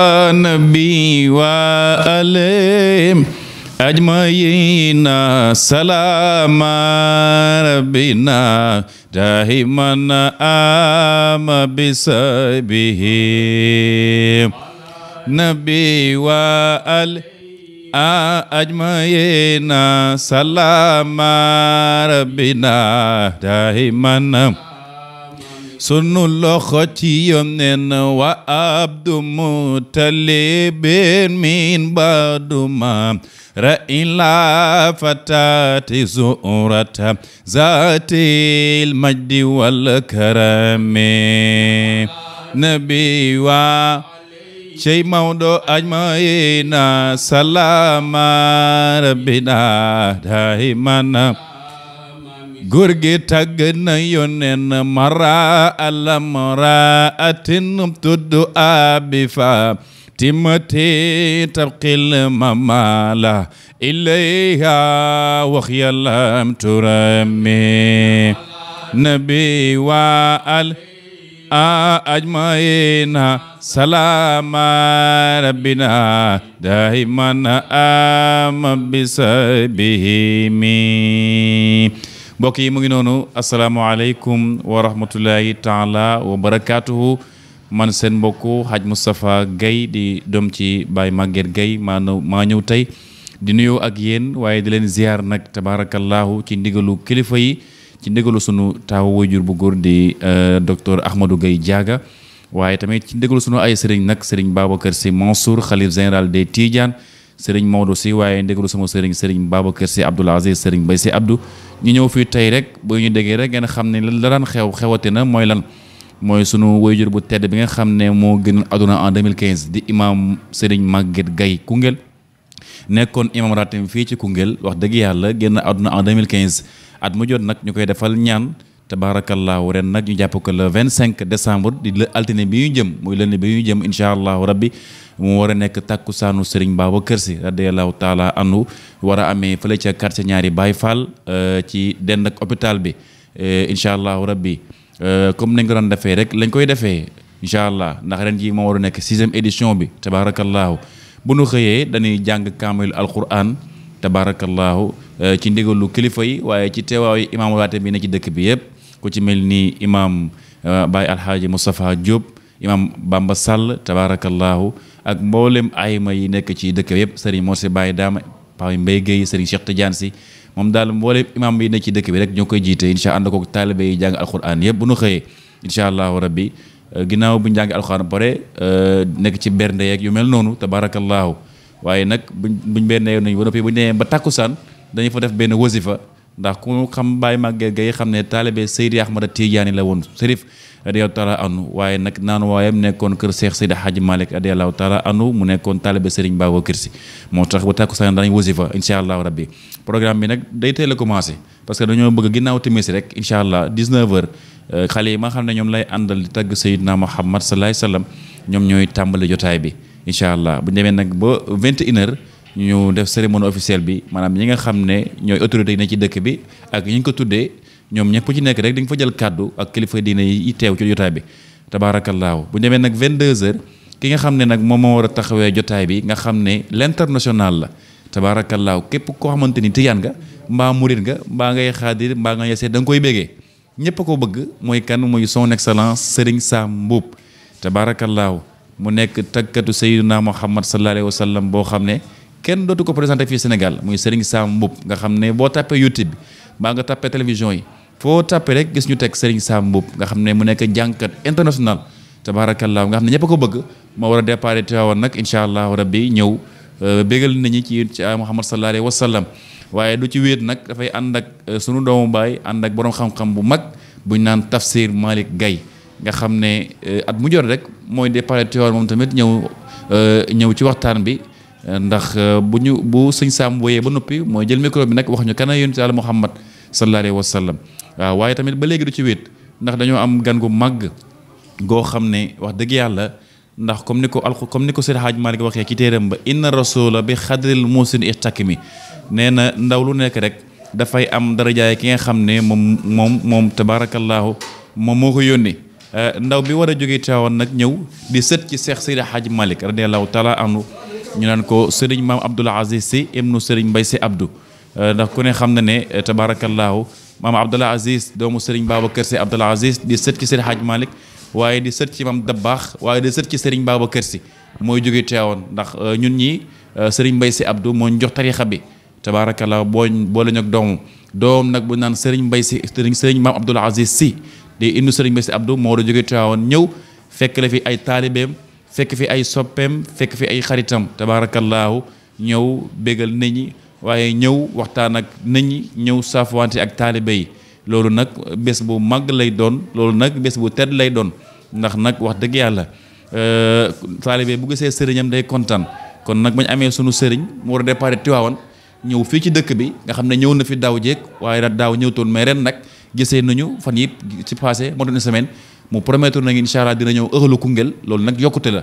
النبي وآله أجمعين سلام ربنا دائما آم بسبه نبي وآله أجمعين سلام ربنا دائما sunu loxo ci yonen wa abdu mutalibin min baduma رئيلا فتات زورة ذات المجد والكرم نبي و شي مودو أجمعين سلام ربنا دائما góor gi tàgg na yónneen mara alamraatin tuddu abi fa timati tabqil mamala ilayha wax yàllam turami nabi wa al a salama rabbina daiman am bisabihimi mbokk yi mu ngi noonu asalaamaaleykum wa rahmatullahi taala wa barakaatu man seen mbokku Hadj Moustapha Guèye di doom ci Baye Maguette gay maa ñëw maa ñëw tey di nuyoo ak yéen waaye di leen ziar nag tabaarakallahu ci ndigalu kilifa yi ci ndigalu sunu taawu jur bu góor di euh, docteur Ahmadou gay Diaga waaye tamit ci ndigalu sunu ay sëriñ nag sëriñ Babacar Sy Mansour xalil général des Tidiane sëriñ Maodo si waaye ndégalu sama sëriñ sëriñ Babacar si Abdoul Aziz sëriñ Mbaye si Abdou ñu ñëw fii tey rek bu ñu déggee rek ngeen xam ne la daan xew xewati na mooy lan mooy sunu wayjur bu tedd bi nga xam ne moo gën aduna en mille 2015 di imam sëriñ màgget gay Koungheul nekkoon imam ratim fii ci Koungheul wax dëgg yàlla génn àdduna en mille 2015 at mu jot nag ñu koy defal ñaan tabaarakallaahu ren nag ñu jàpp ko le 25 décembre di altine bi ñu jëm muy lënd bi ñu jëm incha allahu rabbi mu war a nekk tàkku takkusaanu Serigne Babacar Sy radiyallaahu taala anhu war a amee fële ca quartier ñaari Baye Fall euh, ci dend ak hôpital bi euh, incha allahu rabbi euh, comme nañ ko doon defee rek lañ koy defee incha ndax ren ji moo war a nekk sixième édition bi tabaarakallaahu bu nu xëyee dañuy jàng kaamil alquran tabaarakallaahu ci ndigalu kilifa yi waaye ci teewaayu imaamu bi ne ci dëkk bi yëpp. ku ci mel ni imaam eh, Baye Alxaaji Moustapha Diop imaam Bamba Sall tabaarakallaahu ak mboolem ayma yi nekk ci dëkk bi yëpp Serigne Morsi Baye Daama Paa Mbaye Guèye Serigne Cheikh Tidiane Sy moom daal mboolem imaam yi nekk ci dëkk bi rek ñoo koy jiite incha allah ànd ko taalibe yi jàng alquran yëpp bu nu xëyee incha allahu rabbi eh, ginnaaw bu ñu jàngee alquran ba pare eh, nekk ci bernde yeeg yu mel noonu tabaarakallaahu waaye nag buñ buñ bernde nañ ba noppi bu ñu nee ba takkusaan dañu fa def benn wasifa ndax ku xam Baye Maguette Gueye xam ne taalibe Seydi Ahmada Tidiane la woon Serif radiyallahu taala anu waaye nag naan waayam nekkoon kër Cheikh Seydi Hadji Malick radiyallahu taala anu mu nekkoon taalibe Serigne Babacar Sy moo tax ba tàkku saan danañ wasifa incha allahu rabbi programme bi nag day teel a commencé parce que dañoo bëgg ginnaaw timis rek incha allah 19h euh, xale yi ma xam ne ñoom lay àndal di tagg Seydina Muhammad sallallahu alayhi wasallam ñoom ñooy tàmbali jotaay bi incha allah bu demee nag ba 21h. ñu def cérémonie officielle bi maanaam ñi nga xam ne ñooy autorités yi ne ci dëkk bi ak ñi ñu ko tuddee ñoom ñëpp ci nekk rek dañ fa jël kàddu ak kilifa diine yi teew ci jotaay bi tabaarakallaahu bu ñu demee nag 22h ki nga xam ne nag moom moo war a taxawee jotaay bi nga xam ne l'international la tabaarakallaahu képp koo xamante ni tijaan nga mbaa murit nga mbaa ngay xaadir mbaa nga yasee da nga koy bégee ñëpp ko bëgg mooy kan mooy son excellence Serigne Sam Mboup tabaarakallaahu mu nekk takkatu Seydina Muhammad sallallahu alayhi wa sallam boo xam ne. kenn dootu ko présenté fii Sénégal muy Serigne saam Mboup nga xam ne boo tapé YouTube bi maa nga tapé télévision yi foo tapé rek gis ñu teg Serigne Sam Mboup nga xam ne mu nekk jànkat international tabaarakallaa nga xam ne ñëpp ko bëgg moo war a déparé Tiwaawan nag incha allah rabbi ñëw euh, bégal nañu ñi ci ci Muhammad sallallahu alayhi wa sallam waaye du ci wéet nag dafay ànd ak euh, sunu doomu baay ànd ak boroom xam-xam bu mag buñ naan Tafsir Malick gay nga xam ne euh, at mu jot rek mooy déparé Tiwaawan moom tamit ñëw ñëw ci waxtaan bi. ndax euh, bu ñu bu sëñ saam woyee ba noppi mooy jël micro bi nag wax ñu kana yonent Yàlla Muhammad sallallahu alayhi wa sallam waaw waaye tamit ba léegi du ci wéet ndax dañoo am gan gu màgg goo xam ne wax dëgg yàlla ndax comme ni ko alxu comme ni ko Seydi xaaj Malick waxee ci téeram ba inna rasula bi xadril muusin ihtakimi nee na ndaw lu nekk rek dafay am darajaay ki nga xam ne moom moom moom tabaarakallaahu moom moo ko yónni euh, ndaw bi war a jógee Tiwaawan nag ñëw di sët ñu naan ko sëriñ maam Abdoul Aziz si ibnu sëriñ Mbay si Abdou euh, ndax ku ne xam na ne euh, tabaarakallaahu maam Abdoul Aziz doomu sëriñ Babacar si Abdoul Aziz di sët ci sëriñ Hadj Malick waaye di sët ci maam Dabbaax waaye di sët ci sëriñ Babacar si mooy jóge Tiwaawan ndax euh, ñun ñi sëriñ Mbay si Abdou moo ñu jox tariixa bi tabaarakallaahu boo boole ñu ak doomu nag bu naan sëriñ Mbay si sëriñ sëriñ maam Abdoul Aziz si di indi sëriñ Mbay si Abdou moo war a ñëw fekk la fi ay taalibeem fekk fi ay soppeem fekk fi ay xaritam tabaarakallaahu ñëw bégal nit waaye ñëw waxtaan ak nit ñi ñëw saafwante ak taalibe yi loolu nag bés bu màgg lay doon loolu nag bés bu tedd lay doon ndax nag wax dëgg yàlla euh, taalibe bu gisee sëriñam day kontaan kon nag bañ amee sunu sëriñ mu war a départ Tiwaawan ñëw fii ci dëkk bi nga xam ne ñëw na fi daaw jéeg waaye daaw ñëwtoon mais ren nag gisee nañu fan yëpp ci passé moo doon semaine mu promettre nañu incha allah dina ñëw ëxalu Koungheul loolu nag yokkute la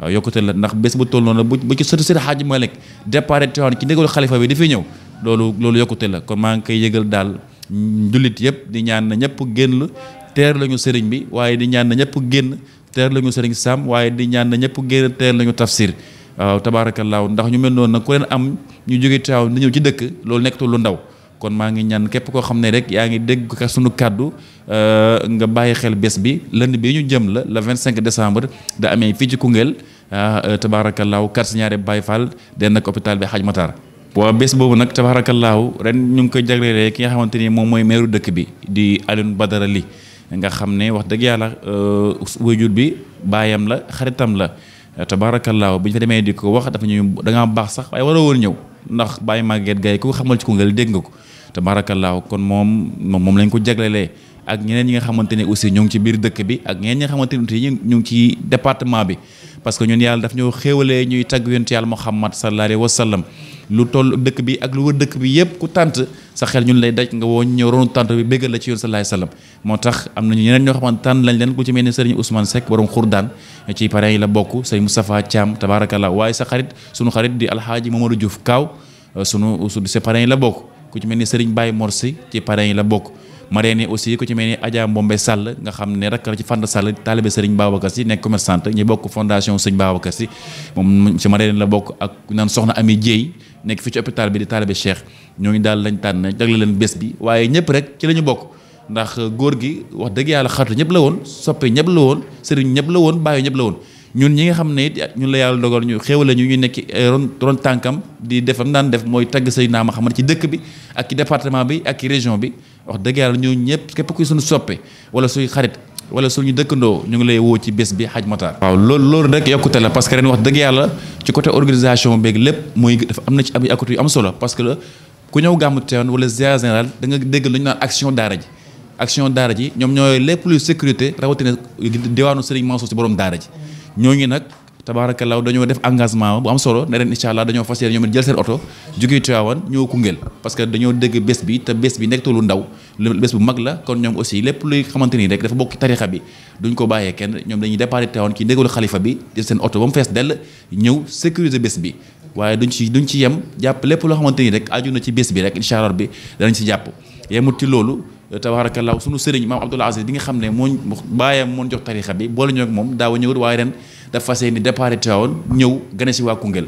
waaw yokkute la ndax bés ba toll noonu bu bu ci sëtu sëtu Xaaji Malick départ Tivaouane ci ndigalu xalifa bi dafay ñëw loolu loolu yokkute la maa ngi koy yëgal daal jullit yëpp di ñaan na ñëpp génn teer lañu sëriñ bi waaye di ñaan na ñëpp génn teer lañu sëriñ Sam waaye di ñaan na ñëpp génn teer lañu tafsir waaw laaw ndax ñu mel noonu nag ku leen am ñu jóge Tivaouane di ñëw ci dëkk loolu nekkatul lu ndaw kon maa ngi ñaan képp koo xam ne rek yaa ngi dégg ka sunu kàddu euh, nga bàyyi xel bés bi lënd bi ñu jëm la le 25 décembre da amee fii ci Koungheul euh, euh, tabaarakallaahu kat si ñaare Baye Fall denn ak hôpital bi Hadj Matar waa bés boobu nag tabaarakallaahu ren ñu ngi koy jaglelee ki nga xamante ni moom mooy meeru dëkk bi di Alioune Badara li nga xam ne wax dëgg yàlla wéyjur bi baayam la xaritam la tabaarakallaahu bi ñu fa demee di ko wax dafa ñu danga ngaa baax sax waaye waroo woon ñëw ndax Baye Maguette Gaye ku xamal ci Koungheul dégg nga ko tabaarakallaahu kon moom moom lañ ko jaglelee ak ñeneen ñi nga xamante ne aussi ñu ngi ci biir dëkk bi ak ñeneen ñi nga xamante ne ñu ngi ci département bi parce que ñun yàlla daf ñoo xéewalee ñuy tagg yonent yàlla Muhammad sallallahu alayhi wa sallam lu toll dëkk bi ak lu wër dëkk bi yëpp ku tànt sa xel ñun lay daj nga woo ñëw ronu tànt bi béggal la ci yoon sallallahu alayhi wasallam moo tax am nañu ñeneen ñoo xamante tànn lañ leen ku ci mel ni sëriñ Ousmane Seck borom xurdaan ci parents yi la bokk sëriñ Moustapha Thiam waaye sa xarit sunu xarit di alxaaji Mamadou Diouf Kaaw euh, sunu su sa parents la bokk ku ci mel ni sëriñ Baye Morsi ci parents yi la bokk ma yi aussi ku ci mel ni Adja Mbombe Sall nga xam ne rakk la ci Fanta Sall taalibe Sëriñ Babacar Si nekk commerçante ñu bokk fondation Sëriñ Babacar Si moom ci marraine la bokk ak naan soxna Ami Dieye nekk fii ci hôpital bi di taalibe Cheikh ñooñu daal lañ tànn jagle leen bés bi waaye ñëpp rek ci la ñu bokk ndax góor gi wax dëgg yàlla xaritu ñëpp la woon soppe ñëpp la woon sëriñ ñëpp la woon bàyyi ñëpp la woon ñun ñi nga xam ne it ñun la yàlla dogal ñu xéewale ñu ñu nekk eh, ron tànkam di defam daan def mooy tagg say naa ma xam ne ci dëkk bi ak ci département bi ak région bi wax dëgg yàlla ñoo ñëpp képp kuy suñu soppe wala suy xarit wala suñu dëkkandoo ñu ngi lay woo ci bés bi Hadj Matar waaw loolu loolu rek yokkute la parce que ren wax dëgg yàlla ci côté organisation beeg lépp mooy dafa am na ci ab yokkute yu am solo parce ku ñëw gàmmu Tivaouane wala ziar général da nga dégg lu ñu naan action daara ji action daara ji ñoom ñooy lépp luy sécurité rawatina diwaanu Serigne Mansour si borom daara ji ñooñu nag tabaarakallaa dañoo def engagement bu am solo ne leen allah dañoo fas yéene ñoom it jël seen oto jógee Tivaouane ñëw Koungheul parce dañoo dégg bés bi te bés bi nekkatul lu ndaw bés bu mag la kon ñoom aussi lépp luy xamante nii rek dafa bokk tarixa bi duñ ko bàyyee kenn ñoom dañuy bi waaye duñ ci duñ ci yem jàpp lépp loo xamante ni rek aju na ci bés bi rek incha allah bi danañ si jàpp yemut ci loolu eh, tabaarakallaahu sunu sëriñ maam Abdoul Aziz bi nga xam ne moo baayam moo jox tarixa bi boole ñoo moom daaw a ñëwut waaye ren dafa fas yéene départ Tiwaawan ñëw gane si waa Koungheul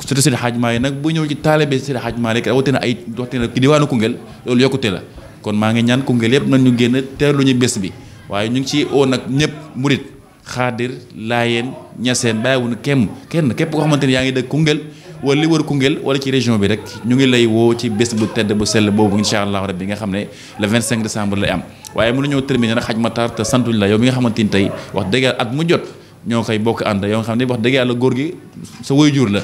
surtout Seydi Hadj Malick nag bu ñëw ci taalibe Seydi Hadj Malick rek rawatina ay waxtina ki diwaanu Koungheul loolu yokkute la kon maa ngi ñaan Koungheul yëpp nañ ñu génn lu ñu bés bi waaye ñu ngi ci oo nag ñëpp murit xaadir laayeen ñaseen bàyyiwunu kenn kenn képp koo xamante ni yaa ngi dëkk Koungheul wala li war Koungheul wala ci région bi rek ñu ngi lay woo ci bés bu tedd bu sell boobu incha allah bi nga xam ne le 25 décembre lay am waaye mënuñoo terminer nag xaj matar te santuñ la yow mi nga xamante ni tey wax dëgg at mu jot ñoo koy bokk ànd yow nga xam wax dëgg yàlla góor gi sa waajur la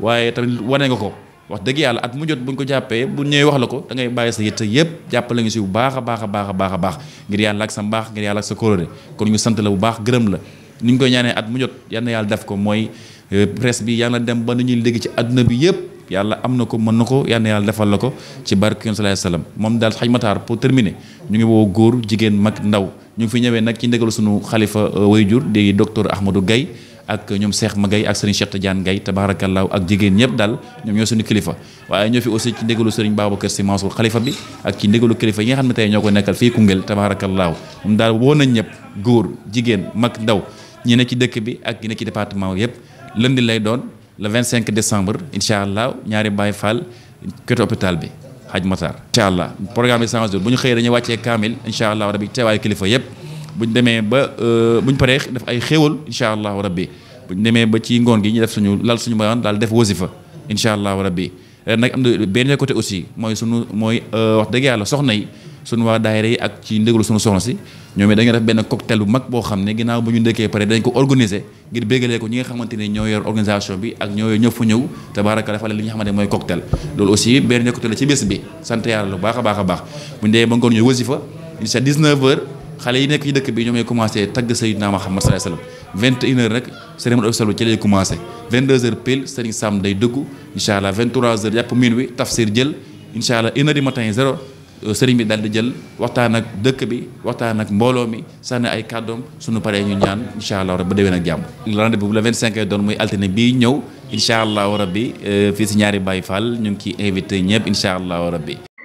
waaye tamit wane nga ko wax dëgg yàlla at mu jot buñ ko jàppee bu ñëwee wax la ko da ngay bàyyi sa yitte yëpp jàppale nga si bu baax a baax a baax a baax ngir yàlla ak sa mbaax ngir yàlla ak sa kóolóore kon ñu sant la bu baax gërëm la ni ñu koy ñaanee at mu jot yal yàlla def ko mooy euh, presse bi yàlla dem ba nu ñuy dégg ci àdduna bi yëpp yàlla am na ko mën na ko yal yàlla defal la ko ci barke yoon salaay salaam moom daal xaj mataar pour terminer ñu ngi woo góor jigéen mag ndaw ñu ngi fi ñëwee nag ci ndégalu suñu xalifa euh, wayjur di docteur Ahmadou gay ak ñoom seex Cheikh Magay ak Serigne Cheikh Tidiane Gaye tabaarakallaahu ak jigéen ñëpp daal ñoom ñoo suñu kilifa waaye ñoo fi aussi ci ndégalu Serigne Babacar Sy Mansour xalifa bi ak ci ndégalu kilifa yi nga xam ne tey ñoo ko nekkal fii Koungheul tabaarakallaahu moom daal woo nañ ñëpp góor jigéen mag ndaw ñi ne ci dëkk bi ak ñi ne ci département yëpp lundi lay doon le cinq decembre incha allah ñaari Baye Fall kër hôpital bi Hadj Matar. incha allah programme bi 100 jours bu ñu xëyee dañuy wàccee kaamil incha allah rabi teewaayu kilifa yëpp bu ñu demee ba euh, bu ñu paree def ay xéewal incha allah rabi bu ñu demee ba ci ngoon gi ñu def suñu lal suñu bayaan daal def wasifa incha allah rabi ren nag am na benn côté aussi mooy sunu mooy euh, wax dëgg yàlla soxna yi. suñu waa daayira yi ak ci ndégalu suñu soxna si ñoom it dañuy benn cocktail bu mag boo xam ne ginnaaw bu ñu ndëkkee pare dañ ko organiser ngir bégalee ko ñi nga xamante ne ñoo yor organisation bi ak ñoo yor ñëpp fu ñëw tabaaraka defal li nga xamante mooy cocktail loolu aussi benn nekkatu la ci bés bi sant lu baax a baax a baax bu ñu ba ngoon ñu wasifa sa 19 heures xale yi nekk ci dëkk bi ñoom ñooy commencé tagg Seydina Muhammad sallallahu alayhi wasallam 21 heures dugg incha allah 23 heures yàpp minuit tafsir jël incha allah Euh, sëriñ bi daal di jël waxtaan ak dëkk bi waxtaan ak mbooloo mi sànni ay kàddoom suñu paree ñu ñaan incha allah rabbi ba déwén ak jàmm. rendez-vous bu la 25 doon muy altine bii ñëw incha allah rabbi euh, fii si ñaari Baye Fall ñu ngi ciy invité ñëpp incha allah rabbi